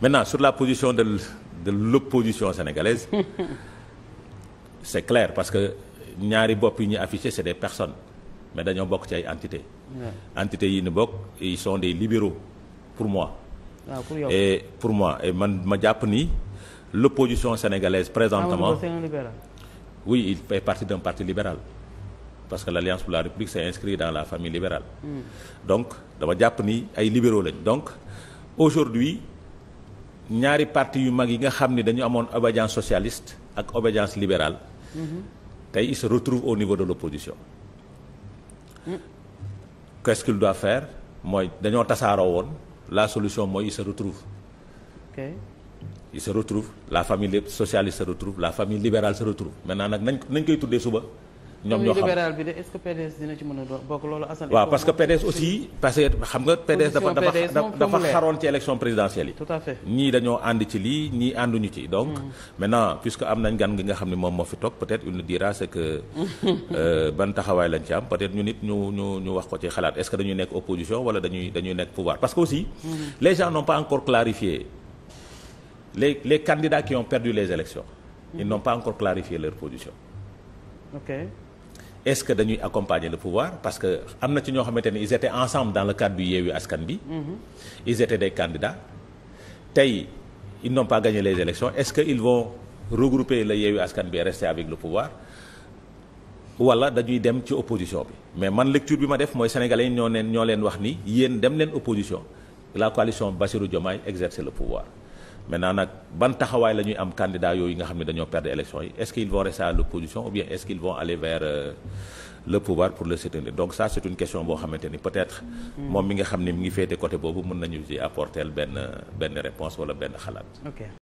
maintenant sur la position de de l'opposition sénégalaise c'est clair parce que ñaari bopp yi ñuy affiché c'est des personnes mais dañoo bokk ci ay entités entités yi ñu bokk ils sont des libéraux pour moi ah, pour et pour moi et man ma jàpp ni l'opposition sénégalaise présentement oui il fait partie d'un parti libéral parce que l'Alliance pour la République s'est inscrite dans la famille libérale mm. donc dama jàpp ni ay libéraux lañ donc aujourd'hui ñaari parti yu mag yi nga xam ni dañu amoon obédience socialiste ak obédience libérale mhm. tey il se retrouve au niveau de l'opposition mm. qu'est-ce qu'il doit faire mooy dañoo tasaaroo woon la solution mooy il se retrouve okay. il se retrouve la famille socialiste se retrouve la famille libérale se retrouve maintenant nag nañ koy tuddee suba ñoom ñoo xam a bokk loolu Assane waaw parce que PDS aussi parce que xam nga PDS dafa dafa dafa xaroon ci élection présidentielle yi tout à fait ñii dañoo ànd ci lii ñii ànduñu ci donc hmm. maintenant puisque am nañ gan gi nga xam ne moom moo fi toog peut-être il nous dira c'est que euh, ban taxawaay lañ ci am peut-être ñun it ñu ñu ñu wax ko ci xalaat est-ce que dañuy nekk opposition wala dañuy dañuy nekk pouvoir parce que aussi hmm. les gens n'ont pas encore clarifié les les candidats qui perdu les élections ils hmm. n'ont pas encore clarifié leur est-ce que dañuy accompagner le pouvoir parce que am na ci ñoo xamante ni ils étaient ensemble dans le cadre du Yewwi Askan Wi. Mm-hmm. ils étaient des candidats tey ils n'ont pas gagné les élections est-ce que il vont regrouper la Yewwi Askan Wi et rester avec le pouvoir wala dañuy dem ci opposition bi mais man lecture bi ma def mooy sénégalais yi ñoo leen ñoo leen wax ni yéen dem leen opposition la coalition Bassirou Diomaye exerce le pouvoir. maintenant nag ban taxawaay la ñuy am candidat yooyu nga xam ne dañoo perdre élection yi est-ce qu'ils vont rester à l'opposition ou bien est-ce qu'ils vont aller vers euh, le pouvoir pour le soutenir donc ça c'est une question boo xamante ni peut-être hmm. moom mi nga xam ne mi ngi féete côté boobu mën nañu ci apporter benn benn réponse wala benn xalaat